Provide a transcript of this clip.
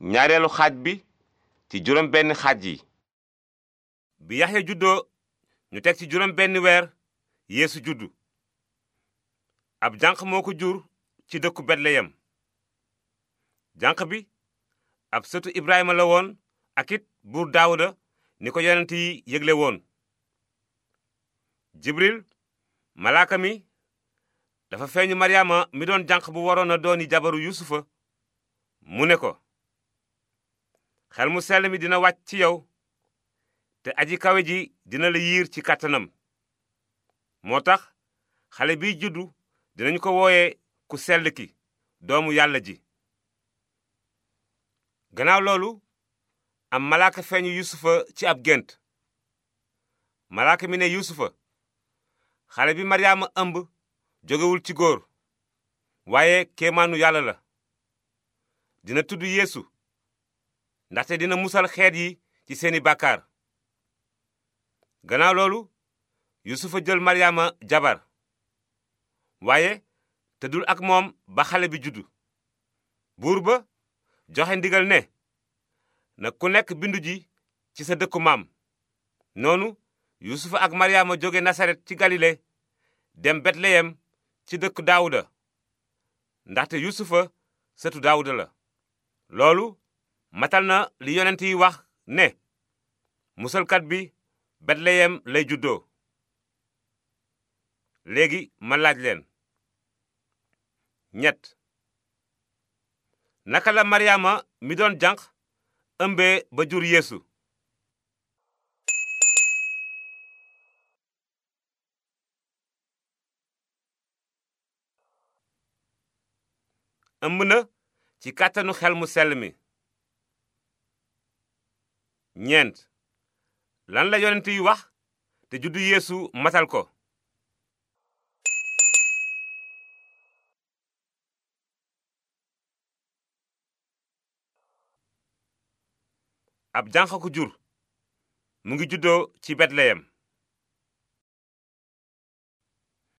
ñaareelu xaaj bi ci juróom benn yi bi yaxya juddoo ñu teg ci juróom benn weer yéesu juddu ab janq moo ko jur ci dëkku betleyem janq bi ab sëtu ibrahima la woon akit it buur daawuda ni ko yonent yi yégle woon jibril malaaka mi dafa feeñu maryaama mi doon janq bu waroon a dooni jabaru yusufa mu ne ko xel mu sell mi dina wàcc ci yow te aji kawe ji dina la yiir ci kàttanam moo tax xale biy juddu dinañu ko wooye ku sell ki doomu yàlla ji gannaaw loolu am malaaka feeñu yusufa ci ab gént malaaka mi ne yusufa xale bi maryaama ëmb jógewul ci góor waaye kéemaanu yàlla la dina tudd yéesu ndaxte dina musal xeet yi ci seeni bàkkaar gannaaw loolu yusufa jël maryaama jabar waaye tëddul ak moom ba xale bi juddu buur ba joxe ndigal ne na ku nekk bindu ji ci sa dëkku maam noonu yusufa ak maryaama jóge nasaret ci galile dem betleyem ci dëkku daawuda ndaxte yusufa sëtu daawuda la loolu matal na li yonent yi wax ne musalkat bi betleyem lay juddoo léegi ma laaj leen ñett naka la maryaama mi doon jànq ëmbee ba jur yéesu ëmb na ci kàttanu xel mu sell mi ñeent lan la yonent wax te juddu yéesu matal ko ab jànq ko jur mu ngi juddoo ci betleyem